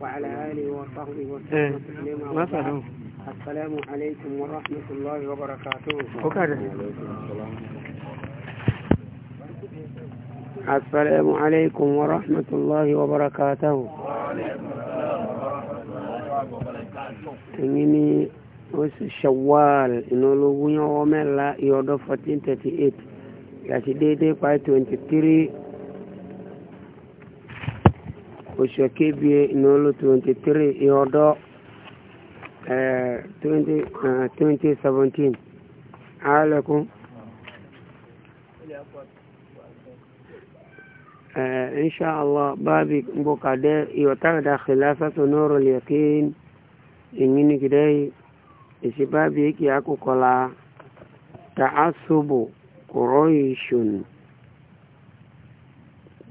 وعلى آله وصحبه وسلم تسليما السلام عليكم ورحمة الله وبركاته السلام عليكم ورحمة الله وبركاته تنيني وس شوال إنه لو يوم لا يودو 1438 يا سيدي 23 oṣù kébìé nọ́ọ̀lù twenty three ìhọ́dọ́ twenty twenty seventeen alẹ́kùn. insha allah baabi bukade iyo tagda khilafatu nurul yaqin ingini kidai isi baabi yake akukola ta'assubu quraishun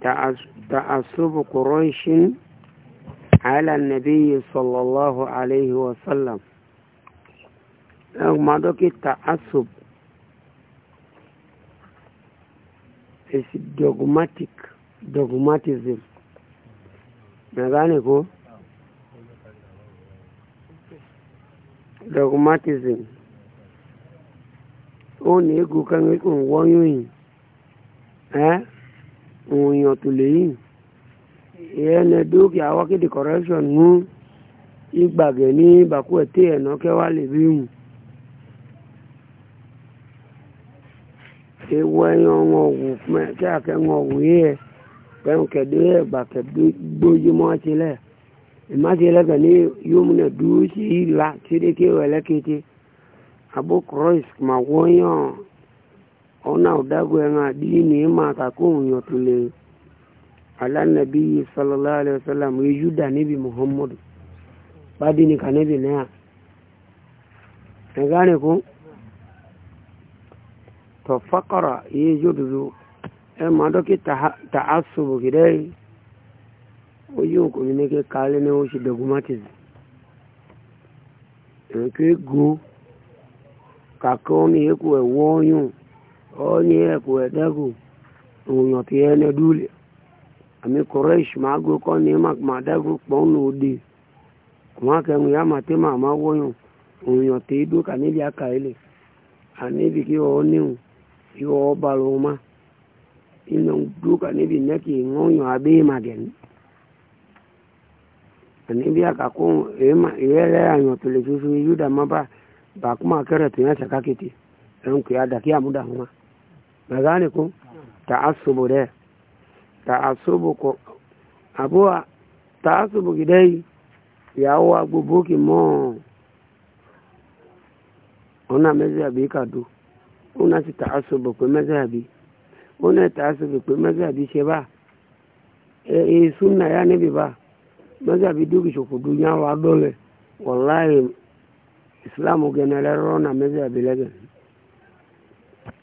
تعصب قريش على النبي صلى الله عليه وسلم ما دوك التعصب is dogmatic dogmatism nadhani ko dogmatism ó ní egu kan wípé ń wọ́nyún òyìn ọ̀tùlẹ̀ yìí ìyẹn dúkìá wákìtì correction mú ìgbàgẹ̀ ní bàkú ẹ̀tí ẹ̀nà kẹwàá lè bí mù ewu ẹyan wọn wù pẹ́ kí akẹ́wọn wù yí ẹ̀ pẹ̀lú kẹ̀dé ẹ̀gbà kẹ̀dé gbójúmọ́ tilẹ̀ ìmáṣe lẹ́kẹ̀ ní yómùnà dúró sí ìlà tí ó dé kéwàá lẹ́kẹ̀tẹ̀ abó croix mà wọ́n yàn. ona udagu ya dini ma kakun yotule ala nabi sallallahu alaihi wasallam yuda nabi muhammad badi ni kanabi na gane ku to fakara yujudu e ma doki ta'assubu gidai oyin ko ni kale ne o si dogmatism e ke go kakon ni e woyun onye kwedego ụnyọta ya nedule ami koresh ma agụkọ na ịmak ma dago kpọọ n'ụdị maka enwe ya mate ma amawoyo ụnyọta idu ka n'ebi aka ile anebi ka ihe ọniwu ihe ọbara ụma ino du ka n'ebi nne ka ịṅụ ụnyọ abịa ma gị anebi aka kwụ ịhere ya nyọtụle soso yuda maba bakuma kẹrẹ tó yẹn sàkàkìtì ẹnkùn yà dàkí àmúdà wọn. ba gane ku ta'assubu da ta'assubu ko abuwa ta'assubu gidai yawo agbogbo ki mo ona mezhabi kadu ona ti ta'assubu pe mezhabi ona ta'assubu pe mezhabi se ba e e sunna ya nabi ba mezhabi dugi shoko dunya wa dole wallahi islamu genelero na mezhabi legen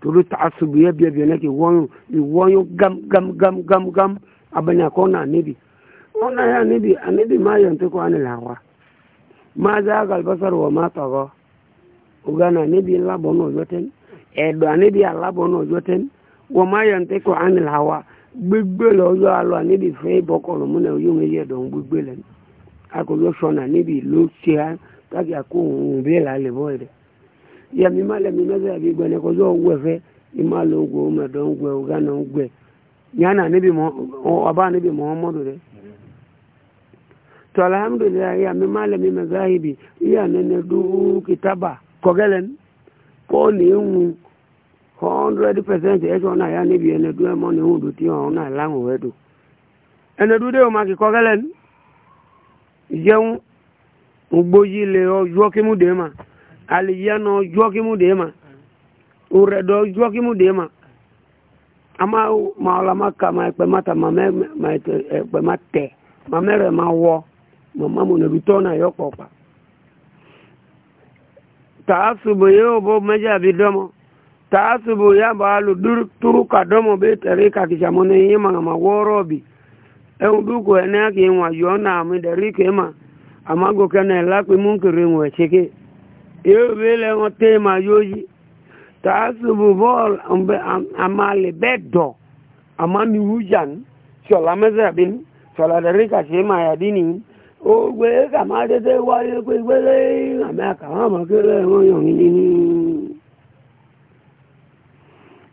tolu taasubiya biya biya nake wɔnyu iwɔnyu gam gam gam gam gam abanya kɔ na anibi ɔna ya anibi anibi ma yɛn ti kɔ ani la wa ma zaa galibasar wɔ ma tɔgɔ ugana anibi labɔ n'ojo tɛn ɛdɔ anibi alabɔ n'ojo tɛn wɔ ma yɛn ti kɔ ani la wa gbegbe lɛ ɔyɔ alɔ anibi fɛ bɔkɔlɔ mu na oyo ŋa yɛ dɔn gbegbe lɛ akɔlɔ na anibi lo tia kaki akɔ ohun bi la le bɔ yẹmi má lẹmi mẹsẹ àbí gbẹlẹ kọjú ọwọ ẹfẹ ìmá ló ń gbọ mẹdọ ń gbẹ ọgá náà ń gbẹ yánà níbi mọ ọba níbi mọ ọmọdù rẹ tọ́lá alhamdulilayi yẹmi má lẹmi mẹsẹ àhìbì yíyà nínú dúró kìtàbà kọ́gẹ́lẹ́ ní ìhun hundred percent ẹ̀ṣọ́ e náà yá níbi ẹni e dúró ẹmọ ní ìhun dùtí ọ̀hún náà láwọn ọ̀rẹ́ dùn ẹni dúró dé o máa kì kọ́gẹ́lẹ́ ní ìjẹun lè ọjọ́ kí mú dé máa aliyano jokimu dema uredo jokimu dema ama maola maka ma pe mata ma me ma pe mate ma mere ma wo mama mo ne bitona yo popa taasubu yo bo meja bidomo taasubu ya balu dur turuka domo be terika kishamone yema ma worobi e uduko ene aki nwa yo na mi derike ma amago kene la pe nwe cheke ewe lɛ ŋɔ tee ma yoyi taa subu bɔɔl ŋbɛ amaale bɛ dɔ ama mi wu jan sɔla mɛsɛ bin sɔla dɛri ka se ma yadi ni o gbe kama tete waye gbe gbe amɛ kama ma kele ŋɔ yɔn nini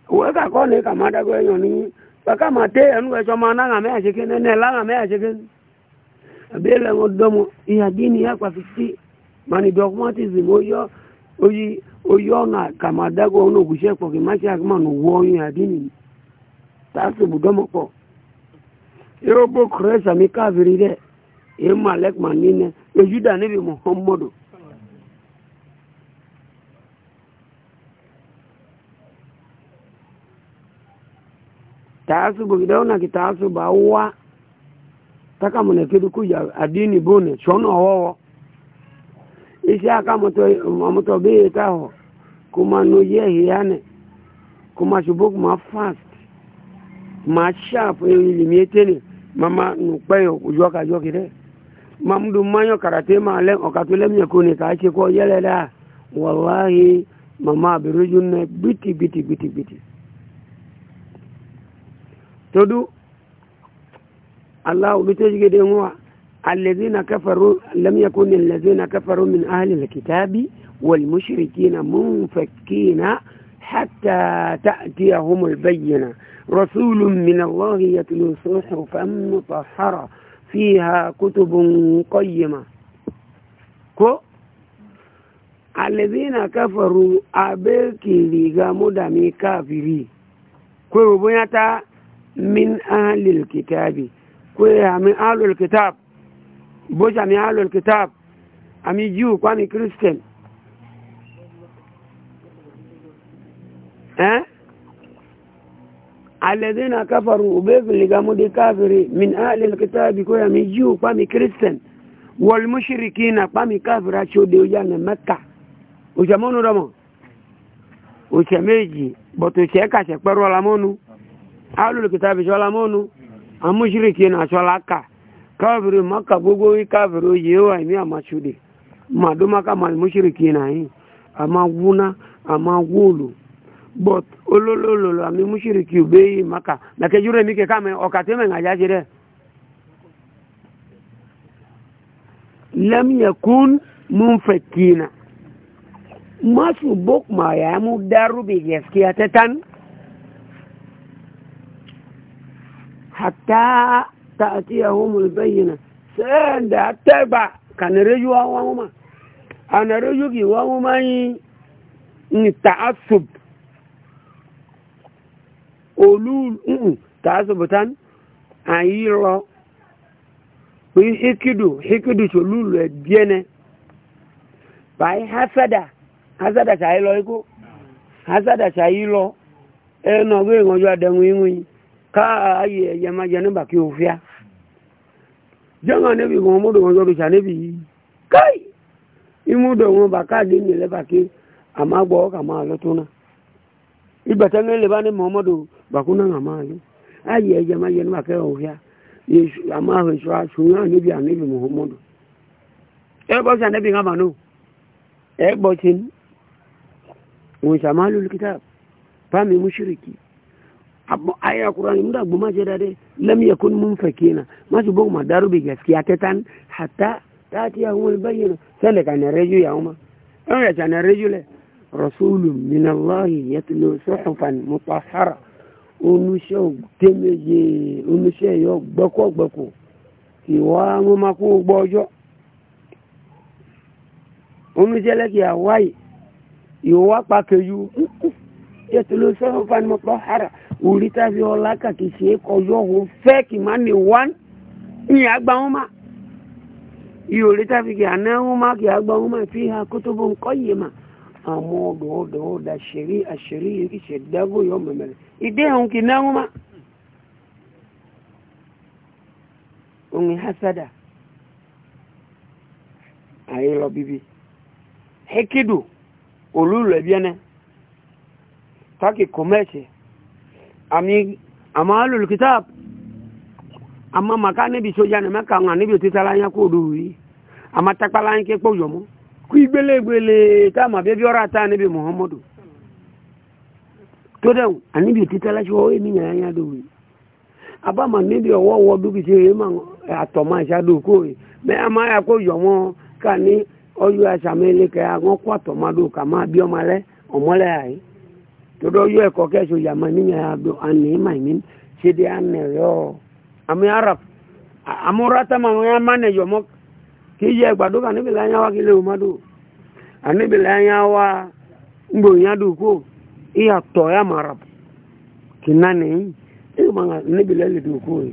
wo ka kɔ ne kama dago yɔn nini kaka ma te ɛnu ɛsɔ ma na ŋa mɛ aseke ne ne la ŋa mɛ aseke abe lɛ ŋɔ mani dogmatism oyo oyi oyo na kamadago ono gushe ko ki machi akma no wo yin adini tasu budomo ko ero kresa mi kaviri de e malek manine e juda ne bi muhammadu tasu bugido na ki tasu ba wa taka mune kidu kuja adini bone isi aka mọtọ bee ta hɔ kuma no yɛ hiane kuma subo kuma fast kuma sharp ilimi e etene mama nukpeyo kpɛ yɔ yɔ ka yɔ karate ma lɛ ɔkato lɛ miɛ ko ne k'a da walahi mama abiruju biti biti biti biti todo ala olu tɛ jigi den الذين كفروا لم يكن الذين كفروا من أهل الكتاب والمشركين منفكين حتى تأتيهم البينة رسول من الله يتلو صحفا مطهرة فيها كتب قيمة كو الذين كفروا لي مدامي كافري كو بنيتا من أهل الكتاب كو من أهل الكتاب bóṣà mi àlò kìtàb àmì jíù kwami christian ẹ́ eh? alẹ́dínà káfàrù òbẹ́fìlìgàmúdé káfìrí min àlè kìtàbí kó àmì jíù kwami christian wọ́n mú ṣìrìkì náà kwami káfìrí àti òde òjá nà mẹ́ta òṣèmọ́nù rọmọ òṣèméjì bọ̀tò ṣẹ́kàṣẹ́ pẹ́rọ ọlámọ́nu àlò kìtàbí ṣọlámọ́nu àmúṣìrìkì náà ṣọlá kà kafiri maka gbogbo wí kafiri oyè wa ìmí àmàṣúde màdó maka màlì mọ́ṣíríkì náà yìí àmà wúná àmà wóòlù but olólòlò àmì mọ́ṣíríkì òbé yìí maka nàkẹ́jú rẹ̀ mí kẹ́kẹ́ àmì ọ̀kà tí mẹ̀ ń àjá ṣe rẹ̀. lẹ́mìẹ̀kún mú ń fẹ̀ kìínà masu bok ma ya mu darube gaskiya ta tan hatta تأتيهم البينة سند أتبع كان رجوا وهما أنا رجوك وهما تعصب olúùlù tààsùbùtán àyírọ wí híkìdù híkìdù ṣòlúùlù ẹ̀díẹ́nẹ́ báyí hásádà hásádà ṣàyílọ ikú hásádà ṣàyílọ ẹnà ọgbẹ́ ìwọ̀njú adẹ̀wọ̀n ìwọ̀n káàyè ẹ̀yẹ máa jẹ nígbà kí o fíà jọ́ngàn níbi ìwọ̀n múdò wọn yọrù ṣàníbi yìí káì ìmúdò wọn bà káàdì ní lẹ́bàkí àmàgbọ́ ọkà máa lọ tó náà ìgbàtẹ́ ń lè bá ní mọ́mọ́dò bàkú náà àmà lọ ayé ẹ̀jẹ̀ máa yẹ níwàkẹ́ òhìá àmà èso àṣùwọ̀n níbi àníbi mọ́mọ́dò ẹ bọ́ sí àníbi ńlá ẹ gbọ́ sí ní wọn fáàmì mú ayé ṣe dáadé lam yakun munfakina masu bugu madaru bi gaskiya ta tan hatta ta ti yawon bayyana sai da kanin reju ya umar ɗan da kanin reju le rasulun min allahi ya tulo suhufan mutahara oníṣẹ́ tẹ́mẹ́yẹ oníṣẹ́ yọ gbẹ́kọ̀gbẹ́kọ̀ ìwà mọ́mákú gbọ́ ọjọ́ oníṣẹ́ lẹ́kì àwáyé ìwà pàkẹ́yù yẹ tulo suhufan mutahara ulita viola kakisie koyo ho fe kimani wan ni agba uma yolita viki ana uma ki agba uma fi ha kutubu ma amo do do da shiri ashiri ki shedago yo memele ide hon ki na uma ungi hasada ayelo bibi hekidu olulu ebiene taki commerce àmì àmọ́ alùlùkítàb àmọ́ màkà níbi sójà ní mẹ́ka àwọn àníbi òtítà láyé kó odò wí àmọ́ tápá láyé ké pọ̀ yọmọ́ kú igbélégbélé táàmù àbẹ́bí ọ̀rọ̀ àtà níbi muhammadu tó dẹ̀ àníbi òtítà láṣọ ọ̀hún èmi nà yányá dò wí àbámà níbi ọwọ́ ọwọ́ dúkìtì rẹ̀ mà àtọ̀mọ́ àṣàdò kó rè mẹ́ àmọ́ àyà kó yọmọ́ ká ní ọyọ àṣàmẹ́lẹ́kẹ́ àwọn kó àtọ̀mọ́ àdó kà má bí ọmọ alẹ́ ọmọlẹ́ àyè todo yo ko ke so ya mani ya do ani mai min se de an yo ami arab amurata ma ya mane yo mo ki je gbadu kan ni bi la yan wa ki le o madu ani bi la yan wa ngbo yan du ko iya to ya marab kinani e ma ni bi le le du ko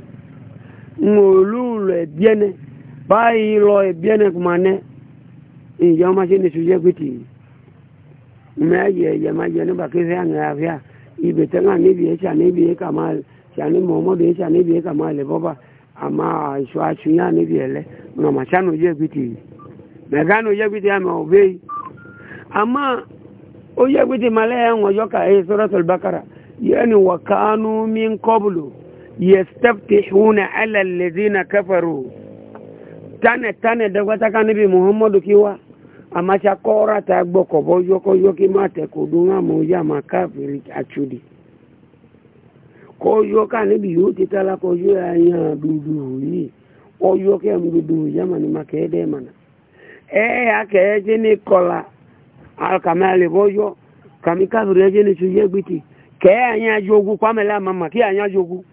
mo lu le biene bai lo e biene kuma ne in yo ma se ni suje kuti mẹ́yẹ yẹmájẹ nípa kéfẹ́ àyàn àfíà ibè tẹ́lá níbi ẹ̀ṣà níbi ẹ̀ka máa ṣàní mọ̀ọ́mọ́dé ẹ̀ṣà níbi ẹ̀ka máa lẹ̀ bọ́bà àmà àṣọ àṣùyà níbi ẹ̀lẹ́ ọ̀nàmà sànù yẹ gbìtì mẹ̀gánù yẹ gbìtì àmà òbẹ́ yìí àmà ó yẹ gbìtì malẹ́ ẹ̀hún ọjọ́ ká ẹ̀ sọ́rọ́sọ̀rọ̀ bákàrà yẹ́nì wàkánú mi ń kọ́bùlù yẹ stẹ́pìtì hùnà ẹlẹ́lẹ́dínà kẹfẹ́rù tánẹ̀ tánẹ̀ dẹ́gbẹ́tàkà níbi muhammadu kiwa amacha kora ta gboko bo yoko yoki mate kudunga moja makafiri achudi ko yoka ni bi yuti tala ko yoya ya dudu yi o yoke mdudu yama ni makede mana e akeje ni kola al kamali boyo kamikafiri aje ni suje gbiti ke anya jogu kwamela mama ki anya jogu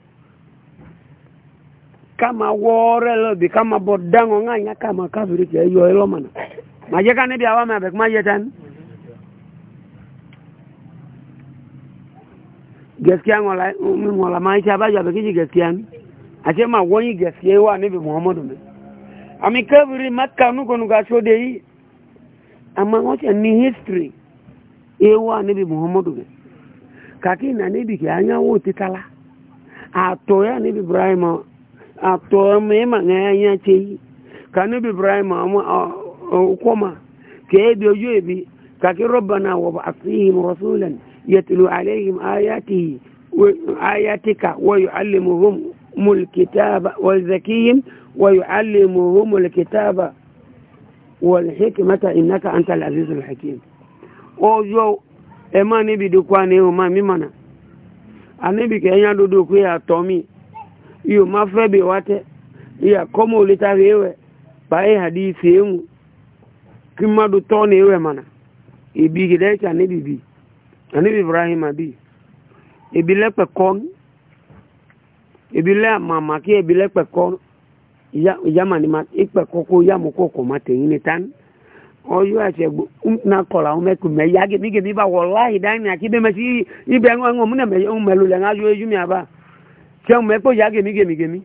kama wore bi kama bodango nganya kama kafiri ke yo elo mana majeka ne bi awame abek majetan gaskiya ngola min ngola mai ta ba jabe kiji gaskiya ace ma woni gaskiya wa ne bi muhammadu ne ami kabri makka nu konu ga so dei amma wace ni history ewa wa ne bi muhammadu ne kaki na ne bi ke anya wo titala ato ya bi ibrahim ato me ma ngaya nya chei kanu bi ibrahim amma ukoma keebi ojuebi kaki rabbana wa ba'athihim rasulan yatlu alayhim ayatihi ayatika wa yuallimuhum الكتاب والزكيهم ويعلمهم الكتاب والحكمة إنك أنت العزيز الحكيم أوجو إما نبي دكواني وما ممنا anibi kenya dudu ku ya tomi iyo mafebe wate ya komo litawewe bae hadithi emu kí mmadụ tọọ na-ewe mana ebigide echa n'ebibi anibi ibrahim abi ebile kpekọn ebile mama ki ebile kpekọn yamani ma ikpekọkọ yamukọkọ ma tẹyin ni tan ọyọ ẹsẹ na kọla ọmọ ẹkọ mẹ ya gẹmi gẹmi ba wọlá ìdáni àti bẹmẹ sí ibẹ ẹwọn ọmọ náà mẹ ẹwọn mẹlú lẹ ń ayọ ẹjú mi àbá ṣé ọmọ ẹkọ ya gẹmi gẹmi gẹmi.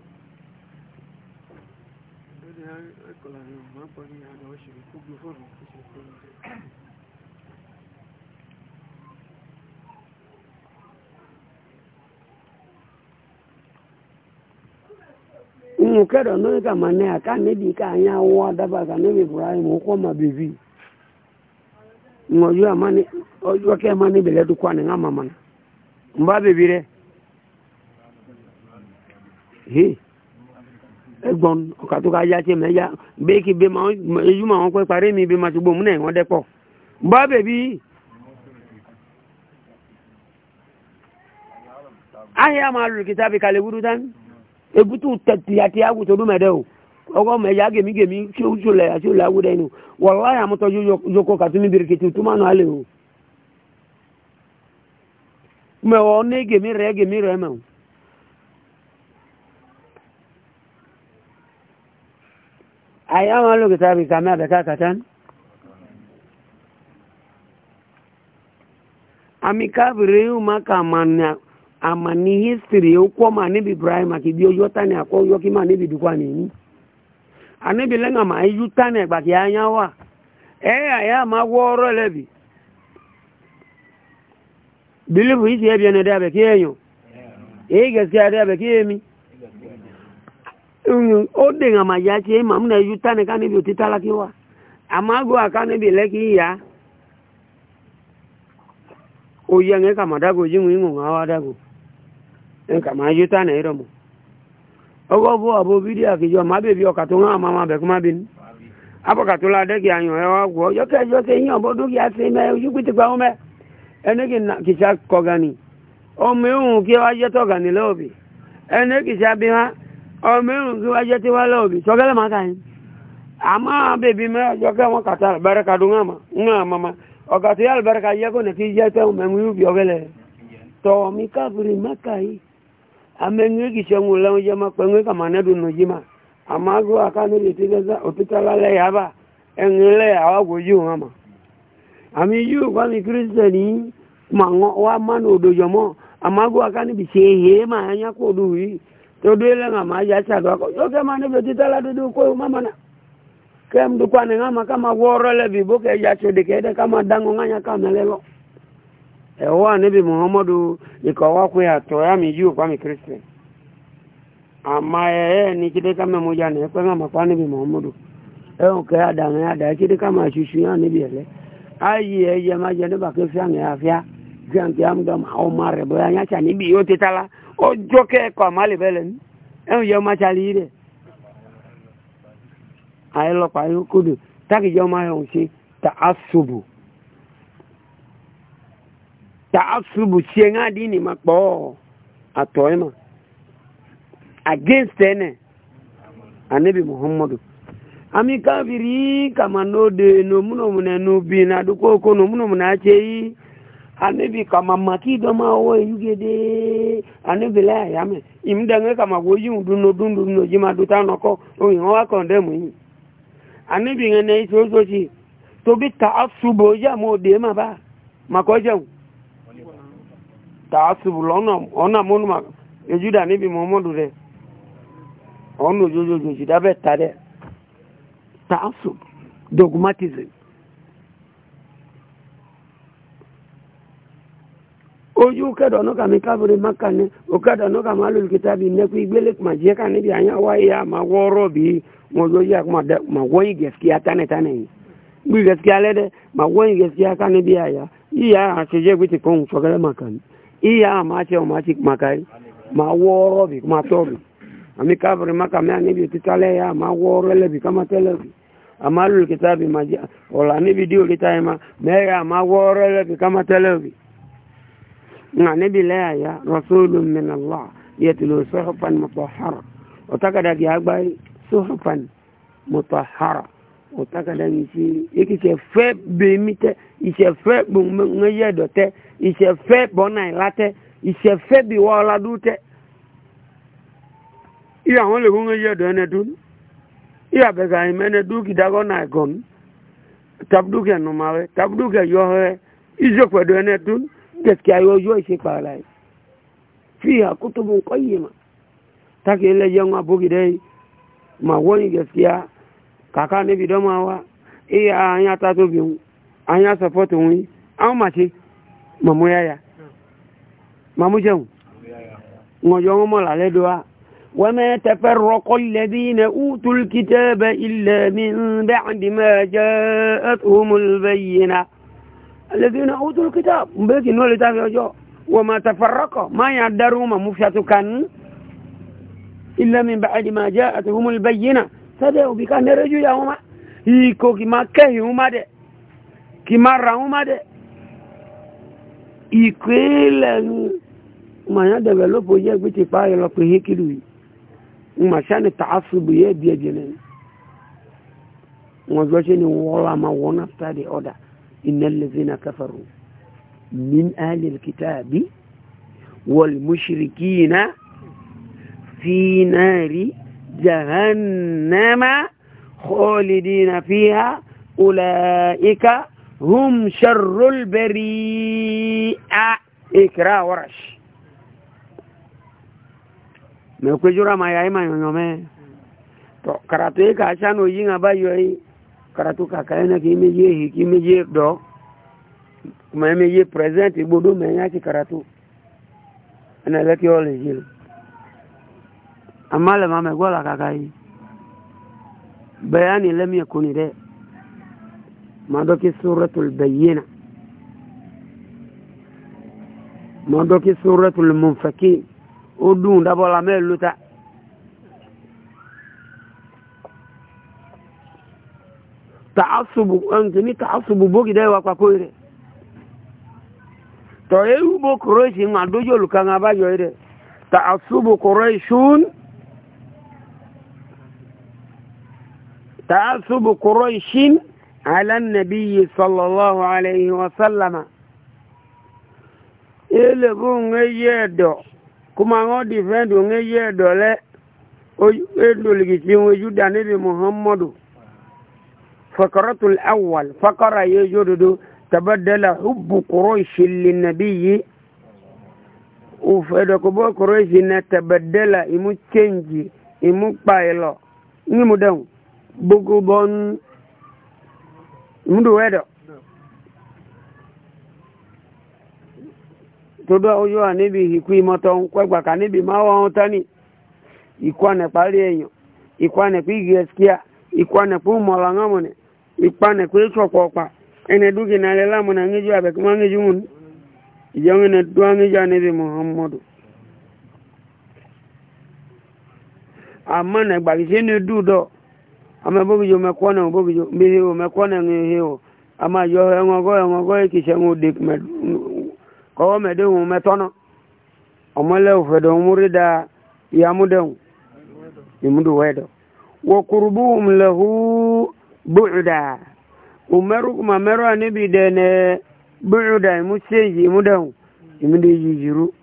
nínú kẹ́rọ̀ lórí ma ní àká níbi ká àyà wọ́n adábà kà níbi ibrahim ọkọ̀ ma bèbí ọjọ́ àmà ní ọjọ́ kẹ́ mà níbi lẹ́dù kọ́ àní ńàmà mà ń bá bèbí rẹ̀ hì ẹgbọn ọkà ká yá wọn gbó bèbí. ma ebutu tẹtìyàtì àwùjọ ọdún mẹdẹ o ọkọ mẹyà gèmígèmí tí o jùlẹ àti olè awúdẹ inú wọlá àmọtọ yọkọ kàtúmí birikiti tó máa nù alẹ o mẹwọ ní gèmí rẹ gèmí rẹ mẹwọ. àyà wọn lò kìtà bìkà mẹ àbẹká kàtán. àmì káàbìrì yìí ama ni history ukwo ma ni bi ibrahim akibio yota ni akwo yoki ma ni bi dukwa ni ni ani bi lenga ma yuta ni gba ki anya wa eh aya ma woro lebi bilivu hizi ebi ne dabe ki enyo eh gaskiya dabe ki emi o de nga ma ya che ma mna yuta ni bi utitala ki wa amago aka ni bi leki ya oyenga kama dago jimu ingu ngawa dago nka ma yuta na iromo ogo bo abo video akijo ma be bi okato ma ma be kuma bin abo katula de ki anyo e wa gwo yo ke yo ke yin obo du ki ase me yu kwiti kwa ome ene ki na ki sha ko gani o me un ki wa je to gani lobi ene ki sha bi ha o me un ki wa je ti wa lobi so gele ma kan ama bebi me yo ke won kata baraka du nga ma nga mama okati albaraka ye ko ne ki je te o me mu bi ogele to mi ka buri makai amenwe gichangula oja makwengwe kama nadu nojima amagu akani litigeza utitalale yaba engile hawa kuju ngama ami yu kwa ni kristo ni mango wa manu udojo mo amagu akani bishehe mahanya kudui todwele ngama ya chato wako yoke mani vetitala dudu kuyo mama na kem dukwane ngama kama gorele viboke ya chodikede kama dango nganya kamelelo ẹ̀wọ́ àníbì muhammadu ìkọ̀wọ́kùn àtọ̀ yàmì yíò pàmì kírísítẹ̀ àmà ẹ̀ẹ́ ní kídíkà mẹ́mú yà ní ẹ̀pẹ́ náà màpá níbi muhammadu ẹ̀hùn kẹ́ àdàmì àdà kídíkà máa ṣuṣu yà níbi ẹ̀lẹ́ ayé ẹ̀yẹ máa jẹ nígbà kí fíàmì àfíà fíàmì àwọn ọmọ rẹ̀ bóyá na níbi yóò ti tala ọjọ́ kẹ́ẹ̀kọ́ àmàlè bẹ́lẹ̀ ní ẹ̀hùn yẹ máa ṣàlì yìí rẹ̀ ayé lọ́pàá kódò ta'assubu sie nga dini makpo atoyma against ene anabi muhammadu ami kafiri kama no de no muno mune no bi na duko ko no muno muna che yi anabi kama maki do ma wo yugede anabi la yame imdanga kama wo yu du no dun dun no jima du ta no ko o yin wa kon de mu yin anabi ngene so so ti to bi ya mo de ma ba tààtùbù lọ́nà mọ́nùmá ojú e níbi mọ́mọ́dù rẹ̀ ọ̀nà ojoojoojú ìdábẹ̀ ta rẹ̀ tààtùbù dogmatism ojú kẹ́dọ̀ náà kàmí kábìrì maka ní òkẹ́dọ̀ náà kàmí alùlùkítà bíi nẹ́kú ìgbélé kùmà jẹ́ ká níbi àyàn wáyé àmà wọ́ọ́rọ́ bíi mo ló yẹ mà wọ́yìn gẹ̀ẹ́sìkíyà tane yìí gbí gẹ̀ẹ́sìkíyà lẹ́dẹ̀ mà wọ́yìn gẹ̀ẹ́sìkíyà ká níbi àyà yíyà àṣejẹ́ gbé ti kóhùn fọ́kẹ́lẹ́ iya amache omachi oh, makai ma woro bi ma tobi ami kabri maka me ani bi titale ya ma woro le bi kama tele bi amalu kitabi maja ola ni video litaima me ya ma woro le bi kama tele bi na ni bi la ya rasulun min allah yatlu suhufan mutahhara otaka da gi agbai suhufan mutahhara otaka da ni si ikise fe be mi te ise fe bu ngeye do te ìṣẹ̀fẹ́ bọ́nà ìlátẹ́ ìṣẹ̀fẹ́ bí wọ́n ọládú tẹ́ ìyá àwọn lè fún ẹyẹ ọ̀dọ̀ ẹni dún ìyá bẹ̀gà ìmẹ́ni dún kìdágọ́ náà gọ̀ mí tabdúkẹ̀ nùmáwẹ́ tabdúkẹ̀ yọ ẹ ìṣèpẹ̀dọ̀ ẹni dún kẹ̀kẹ́ ayọ̀ yọ ìṣèpàlà yìí fi àkótóbù ńkọ́ yìí mà táàkì ẹlẹ́yẹ wọn àbókìdẹ́ yìí mà wọ́n yìí kẹ̀kẹ́ kàkà níbi dọ́mọ wa ìyá àyàn tató bì àyàn sọ̀pọ̀tò wọn àwọn màṣẹ́ mamu yaya mamu jẹun ŋɔjɔ ŋɔmɔ la lɛ do wa wɛmɛ tɛfɛ rɔkɔ lɛbi na utul kitɛ bɛ ilɛ mi n bɛ andi mɛ jɛ ɛtumul bɛ yina lɛbi na utul kitɛ n bɛ kinu le ta fi ɔjɔ wɛmɛ tɛfɛ rɔkɔ maya daru mamu fiatu kan ilɛ mi bɛ andi mɛ jɛ ɛtumul bɛ yina sɛdɛ o bi ka nɛrɛ ya ŋɔma iko k'i ma kɛ dɛ k'i ra ŋɔma dɛ ìkéèlẹ̀ ń màá dẹ̀vẹ̀lọ́pù yẹ́ gbé ti pààyẹ lọ pé hékìlù yìí màá sáni tààfùbù yẹ́ bí ẹ̀jẹ̀ náà wọ́n gbọ́sẹ̀ ni wọ́n wà máa wọ́n after the order iná lẹ́sìn náà káfàrú min alil kitaabi wọ́n mushrikina fi naari jahannama kholidina fiha ulaika. هم شر البريئة إكرا ورش me kwe jura ma yayi ma yonyo me to karatu e ka chano yi nga ba yoyi karatu ka ka na ki me ye hi ki me ye do kuma me ye present igbo do me ya ki karatu ana le ki ole jil amale ma me gola ka kai bayani lem yakuni de madoki suratul bayyina madoki suratul munfaki o dun dabɔla mɛ luta taasubu nkini taasubu bogi dɛ wa kpako yi dɛ tɔ ewu bo korosi ŋa dojo lukanga ba yɔ yi على النبي صلى الله عليه وسلم إلغون يدو كما هو ديفندو يدو لا يدو لكي وجود النبي محمد فقرة الأول فقرة يجدد تبدل حب قريش للنبي ufedokobo قريش نتبدل إمو تشنجي إمو بايلو نمو دون بوكو بون mundu wedo todo oyo anibi iku imoto kwegba ka nibi ma wa tani ikwane pari eyan ikwane ku igeskia ikwane ku mola ngamone ikwane ku chokopa ene dugi na lela mona ngiju abe kuma ngiju mun yong ne duangi ja nibi muhammadu amana gbagise ne dudo ama bobi jo mekwana bobi jo mbihi o mekwana ngi hiyo ama yo engogo engogo kisha ngudik med ko mede hu metono omale muri da ya mudeu imudu wedo wa qurbuhum lahu bu'da umeru kuma meru anibi dene bu'da museji mudeu imudu jijiru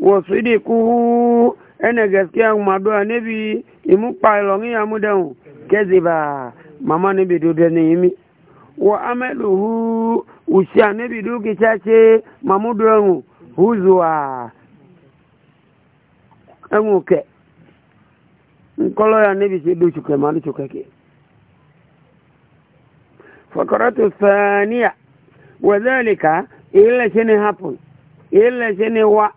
wa sidiku ene gaskiya kuma do anibi imu pa ilongi ya mudeu keziba mama ne bi dudu ne yimi wa amaluhu usia ne bi duki chache mamudu engu huzwa engu ke nkolo ya ne bi se du chuke malu chuke ke fakaratu thania wadhalika ila shene happen ila shene wa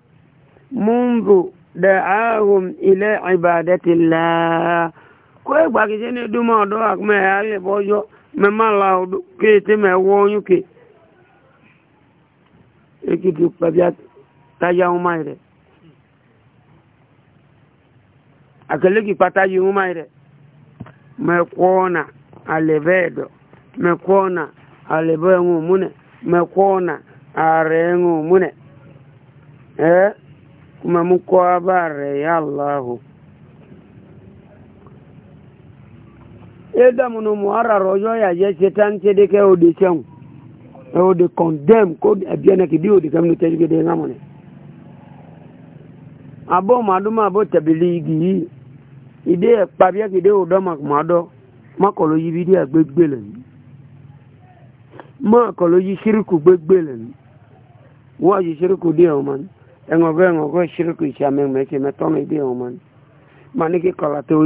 mundu da'ahum ila ibadati llah kwe gbagide ne duma odo ak me ale bojo me mala odo ke te me wonyu ke ekiti pabia taya umaire akele ki pataji umaire me kona alevedo me kona alebengu mune me kona arengu mune e, kuma mu ko abare ya allah eda munu muhara rojo ya je setan ce de ke odi chen odi condemn ko abiana ki di odi kamnu te de ngamone abo maduma abo tabili gi ide pabia kidi de odo mak mado makolo yi bidia gbegbele makolo yi shiriku gbegbele wa yi shiriku di o man engogo engogo shiriku chameng meke metome di o maniki kola to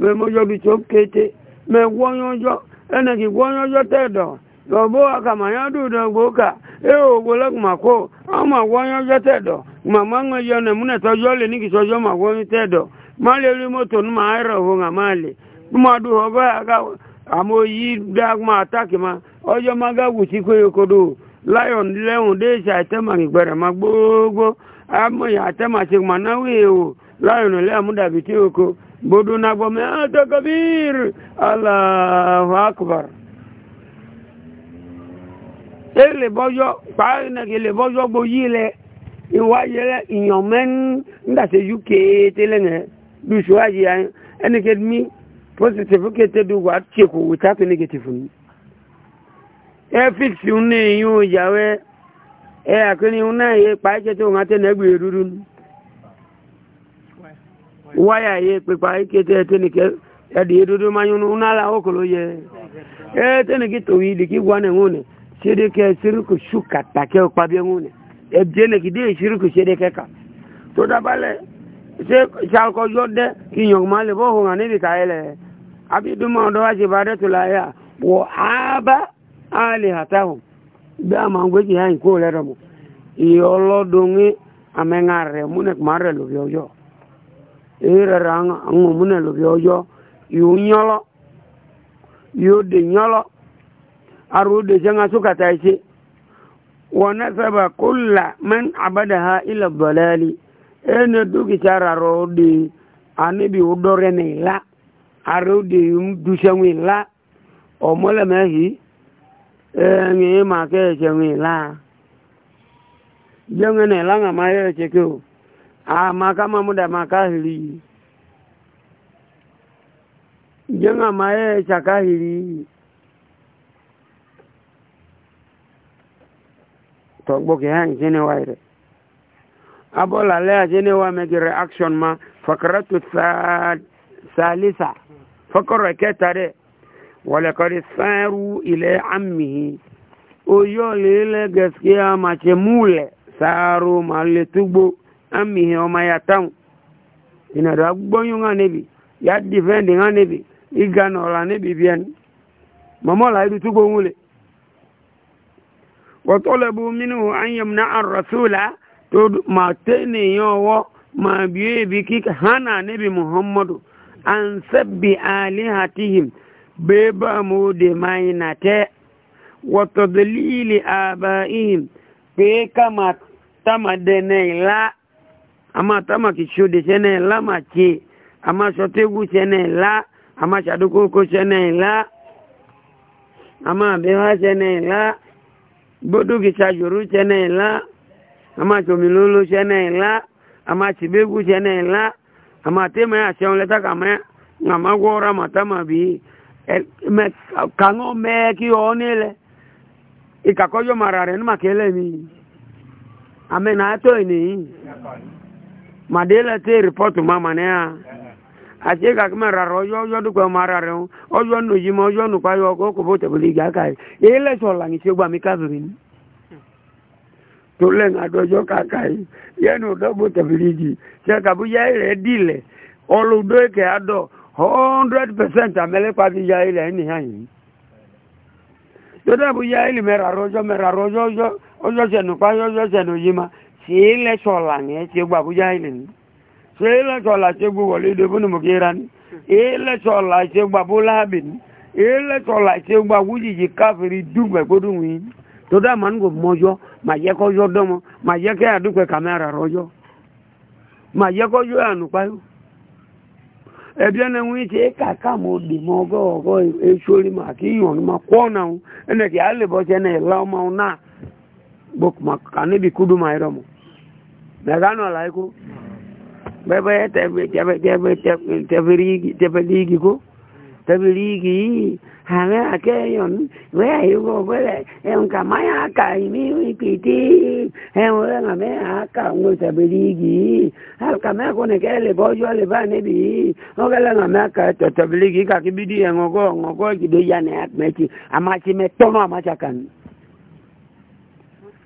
mɛ mɔdzɔ bi tso kete mɛ wɔnyɔdzɔ ɛnɛ ki wɔnyɔdzɔ tɛ dɔ lɔbo akama ya du dɔ gbo ka e o gbo lɛ kuma ko aw ma wɔnyɔdzɔ tɛ dɔ kuma ma ŋa yɔ nɛ munɛ sɔdzɔ le ni ki sɔdzɔ ma wɔnyɔ tɛ dɔ ma le li moto nu ma ayɛrɛ ho ŋa ma le kuma du hɔ bɛ aka amewo yi da kuma ataki ma ɔdzɔ ma ga wusi koe kodo lion lɛhun de sa atɛma gbɛrɛ ma gbogbo amɔ ya atɛma se kuma na wi o lion le amu dabi ti o ko. bodu na gbome ata ah, kabir allahu akbar ele bojo pa na ele bojo gboyi le iwa e yele iyan men nda se uk tele ne du so ayi an ene mi positive ke te du wa che ko negative ni e fix un ne yun yawe e akini un na ye pa je to ngate na waya ye pepa ikete tenike adi edodo mayunu unala okolo ye e tenike to yi diki gwane ngune sede ke siriku shuka take okpa bi ngune e jene ki de siriku sede ke ka to da bale se shal ko jode ki nyong male bo ho ngane bi kaele abi duma do aje bare to ya wo aba ali hatahu da ma ngwe ki hain ko le romo iyo lodungi amengare munek mare lo yo yo erere aṅụmụna lobi ọjọọ iwu nyọlọ yóòdè nyọlọ arúdè jẹ́ngá sókàtà ẹ̀ṣẹ́ wọn náà sábà kó là mẹ́n àbádáha ilẹ̀ bọ̀lẹ́lì ẹni dókítà rárọ̀ òdè àníbi òdọ́rẹ́ ní ìlà arúdè dùsẹ̀wìn ìlà ọmọlẹ́mẹ́hì ẹ̀yìn màkẹ́ ẹ̀ṣẹ̀wìn ìlà jẹ́ngá ní ìlànà máa yẹ ẹ̀ṣẹ̀ kí o ama ah, maka muda makahili jenga mae cha kahili togboke hang jene waire abola lea jene wa megi reaction ma fakratu salisa fakora ketare walakad saru ila ammihi oyo lele gaskiya mace mule saru malitubu tugbo amihe ọma ya tam inado agbonyu nga nebi ya defend nga nebi iga na ọla nebi bien mama la idu tugo nwule watolabu minhu an na- ar-rasula to ma te tene yowo ma biye bi ha hana nebi muhammadu an sabbi alihatihim beba mu de dalili wa tadlili abaihim pe kama tamadene la ama tama kishudi sene la machi ama shotegu sene la ama shadukuku sene la ama bewa sene la bodu kisajuru sene la ama chomilulu sene la ama chibegu sene la ama tema ya shonleta kama ngama gora matama bi e, me kango me ki onele ikakojo marare ni makele mi amena ato ni madela te report mama ne eh. a ase ka kuma rara ɔyɔ ɔyɔ do kɔma rara o ɔyɔ nu yi ma ɔyɔ nu pa yɔ kɔ kɔbɔ tɛbili ga ka ye ele sɔ la ni se gba mi ka biri ni to lɛ ŋa do ɔyɔ ka ka yɛ nu dɔbo tɛbili di sɛ kabu ya ele di lɛ ɔlu do eke adɔ hundred percent amɛlɛ kpa bi ya ele ɛni e hã yi to dɔbo ya ele mɛ rara ɔyɔ mɛ rara ɔyɔ ɔyɔ ɔyɔ sɛ nu pa yɔ ɔyɔ sɛ nu yi ma. ṣe lẹ́ṣọ̀ọ̀là ní se ṣe gbà bújá ilẹ̀ ní ṣe lẹ́ṣọ̀ọ̀là ṣe gbò wọlé ìdè fún ìmọ̀kí ra ní ṣe lẹ́ṣọ̀ọ̀là ṣe gbà bó láàbì ní ṣe lẹ́ṣọ̀ọ̀là ṣe gbà wújìjì káfìrí dúpẹ́ gbódùn yìí tó dá màá ní kò mọ́jọ́ màá jẹ́ kọ́jọ́ ma kọ́ ọ̀nà wọn ẹnì na á lè bọ́ ṣẹ́ ẹnì ìlà ọmọ wọn dagano la bebe tebe tebe tebe tebe rigi tebe rigi ko tebe rigi hala akeyon we ayugo bele en kamaya aka imi ipiti en we na me aka ngo tebe rigi hal kama ko ne kele bojo le ba ne bi o gele na me aka e tebe rigi ka kibidi en ogo ogo gide ya ne atmeti amachi me tono amacha kan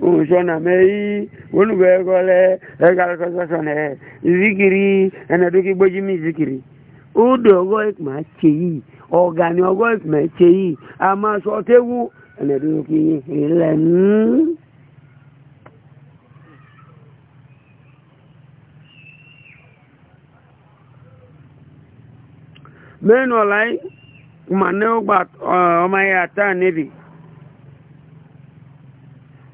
usona meyi wonu begole egal ko sosone zikiri ene duki boji mi zikiri udo go ikma cheyi ogani ogo ikma cheyi ama so tewu ene duki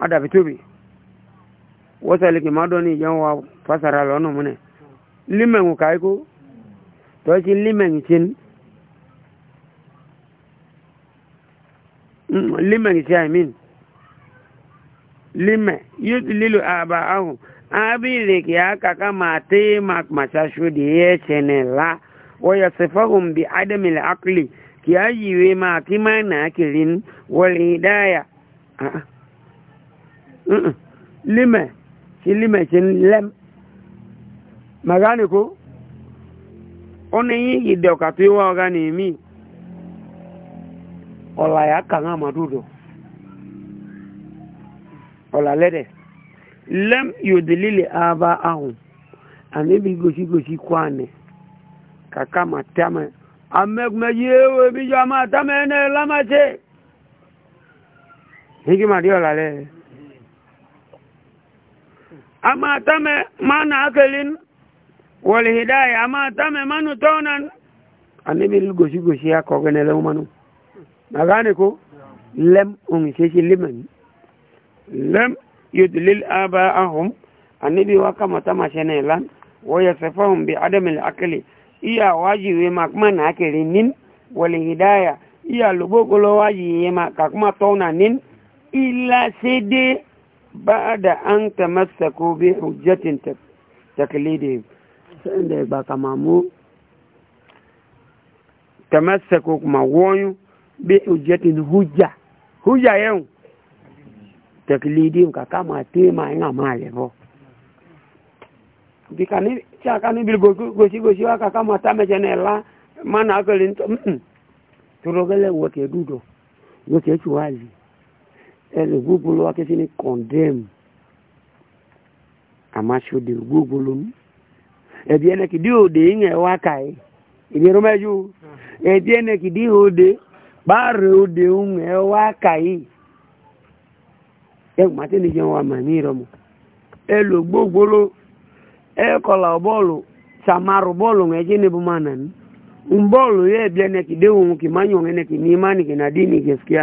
adabi tobi wasali ki madoni yan wa fasara lono mune limengu kai ko to ci limengu cin limengu ci i mean lime yudlilu abaahu abile ki aka kama te mak machashu di yechene la wa yasifahum bi adami al aqli ki ayiwe ma kimana kilin wal hidayah ah, ah. Lime, si lime si lem magane ko on yi yi de ka tu wa gani mi ya ka nga ma dudo ola lede lem yu dilili aba ahun ani bi gosi gosi kwane kaka ma tame amek me yewe bi jama tame ne lama che hiki ma diola lede ama tame mana akalin wal hidayah ama tame manu tonan anibi gosi gosi akogene le manu nagane ko lem on sisi liman lem yudlil aba'ahum anibi wakama tama senelan wa yasfahum bi adam al akli iya wajibi makman akalin nin wal hidayah iya lubokolo wajibi makakma tonan nin ila sede بعد أن تمسكوا بحجة تقليدهم سند باقا مامو تمسكوا كما ويو بحجة هجة هجة يوم تقليدهم كما تيما إنا ما يبو bikani tí a ká níbi gòṣígòṣí wá kàkà máa tá mẹ́jẹ náà lá máa náà mana ń tọ́ tó rọ́gẹ́lẹ́ wọ́kẹ́ dúdọ̀ yóò kẹ́ tù wá yìí ẹlò gbogbo ló wá ni condemn àmásòdè gbogbo ló mú ẹbí ẹnẹ kìdí òde ìyẹn wá kà é ìdí ẹrú mẹjú ẹbí ẹnẹ kìdí òde báàrẹ òde òun ẹ wá kà é ẹ má tẹ́ ní jẹun wà màmí rọmọ ẹlò gbogbo ló ẹ kọlà bọ́ọ̀lù samaru bọ́ọ̀lù ẹ jẹ́ níbo máa nà ní yẹ ẹbí ẹnẹ kìdí òun kì má yàn ẹnẹ ní má nìkì nà dín ní gẹ̀ẹ́sìkíá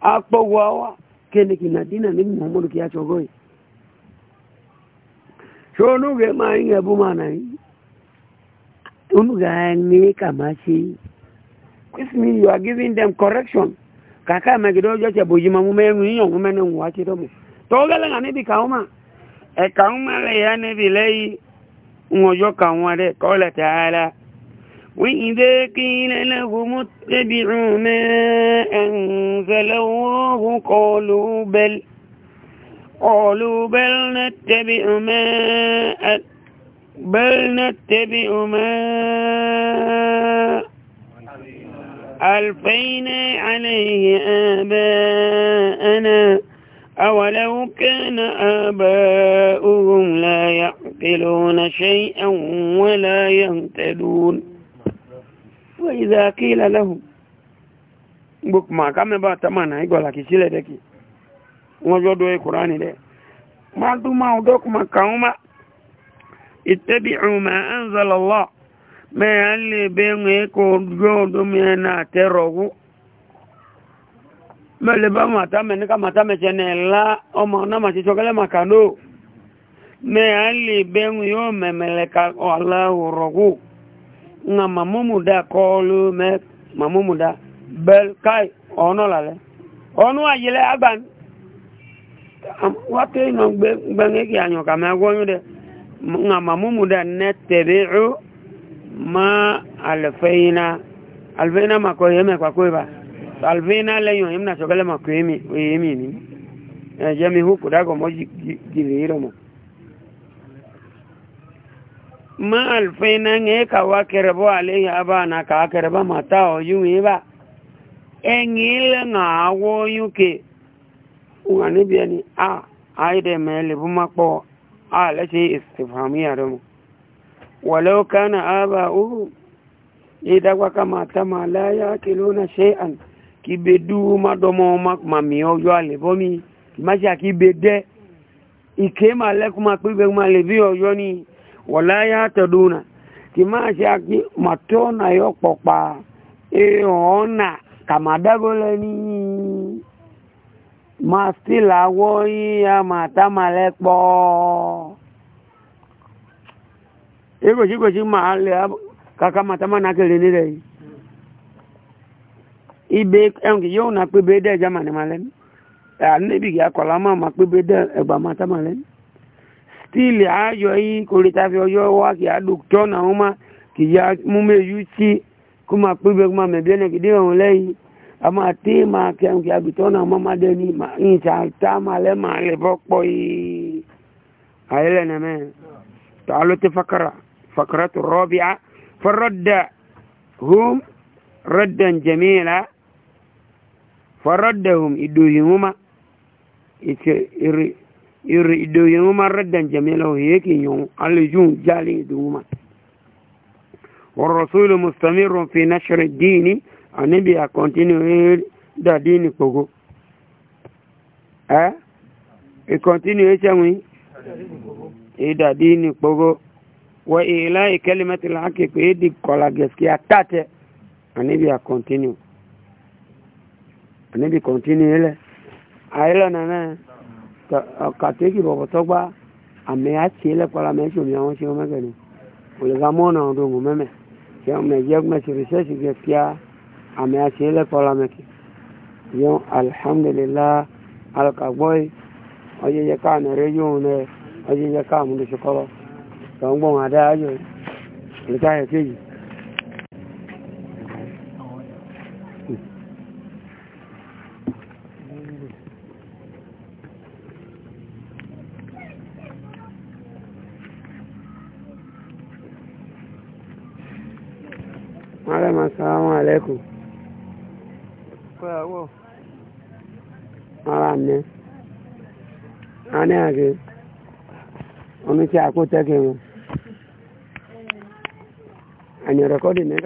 akpọwawa kene kina dina ni muhammadu kìí àtsọgọ́yì ṣé onúgẹ máa ń yẹ bó máa nà yìí onúgẹ ní kàmá ṣe yìí kìsìmí you are giving them correction kàkà mẹgìdọ́ ọjọ́ tẹ bòjì máa mú mẹ́rin yíyan mú mẹ́rin wá ti dọ́mọ̀ tọ́gẹ́lẹ́ nà níbi kàwọn mà ẹ̀ka yá níbi lẹ́yìn ń wọ́jọ́ rẹ̀ kọ́lẹ̀ tẹ́ وإذا قيل لهم اتبعوا ما أنزل الله قالوا بل قالوا بل نتبع ما بل نتبع ما ألفينا عليه آباءنا أولو كان آباؤهم لا يعقلون شيئا ولا يهتدون وإذا قيل لهم gbogbo ma ká mẹ́bà tamà náà ìgbọ̀lá kìí sílẹ̀ dẹ́kì wọ́n jọ́ dọ́ ìkùránì dẹ́ máa dún máa ọdọ́ kùmà kàún má ìtẹ́bí ọmọ ẹnzọlọ́lọ́ mẹ́rin lè bẹ́ ń kó jọ́ ọdún mẹ́rin náà tẹ́rọ̀gú mẹ́lẹ̀ bá màtámẹ́ ní ká màtámẹ́ tẹ́ ní ẹ̀lá ọmọ náà màtí tọ́kẹ́lẹ́ màkàndó mẹ́rin lè bẹ́ ń yóò mẹ́mẹ́lẹ́ ká ọ̀lá òrọ̀gú na mamụmụda kọlu me bel kai ọnụ lalẹ ọnụ ayẹlẹ agban wata ino gbẹngẹ kí anyọ kàmẹ gwọnyụ dẹ nga mamụmụda nne tẹbẹ̀ẹ́ ma alfeina alfẹ́yìnà makọ yẹmẹ kwa ịba alfeina leyon ọ̀yẹ́mìnà na makọ ma ni ẹ̀jẹ̀ ni hù kùdà gọ̀mọ́ jìgìrì yìí ma alfaina ne ka wa kerebo alayya ba na ka kereba mata o yun ba engile na awo yuke wa ni ni a aida me le bu a le se istifhamiya ro walau kana aba'u idagwa e kama tama la yakiluna shay'an kibedu madomo mami ojo alebomi kimaja kibede ike malekuma pe be ma le bi ojo ni wala yahtaduna kimasha ki matona yopopa eona kamadagole ni mastila wo ya mata malepo ego jiko ji mahali kaka mata mana kele ni re ibe enki yo na pe be de jamani malen ani bi ya kola ma ma pe be de egba mata malen still ayo yi kore ta fi oyo wa ki adu tona uma ki ya mu me yuti kuma pibe kuma me bene ki de on lei ama ti ma ke ki adu tona uma ma de ni ma in sa ta ma le ma le bopo yi ayele na me تعالوا تفكر فكرة الرابعة فرد هم ردا جميلا فردهم إدوهمما إر yuridu yuma raddan jamilahu yake yun alijun jali duma wa rasulu mustamirun fi nashr ad-din anabi a continue e da dini pogo eh e continue e chenwi e da dini pogo wa ila kalimati al-haqq ko edi kola gaskiya tate anabi a continue anabi continue ile ayela na nana kàtẹ́kì bọ̀bọ̀ tọ́gbà àmì àti ẹlẹ́kọ̀ọ́lá mẹ́sàn mi àwọn ṣe wọ́n mẹ́fẹ̀ẹ́ ni òlùkà mọ́ọ̀nà ọ̀dọ̀ òun mẹ́mẹ́ ṣe ọmọ ẹ̀jẹ̀ mẹ́sì rìsẹ́ẹ̀sì gẹ̀ fíà àmì àti ẹlẹ́kọ̀ọ́lá mẹ́kì yọ alihamudulilá alùkàgbọ́yì ọjẹjẹ káàmì rédíò nẹ ọjẹjẹ káàmì lóṣù kọ́lọ́ tọ́ ń gbọ́n àdá ayọ̀ òlùkà yẹ kéjì ní àgé omi tí a kó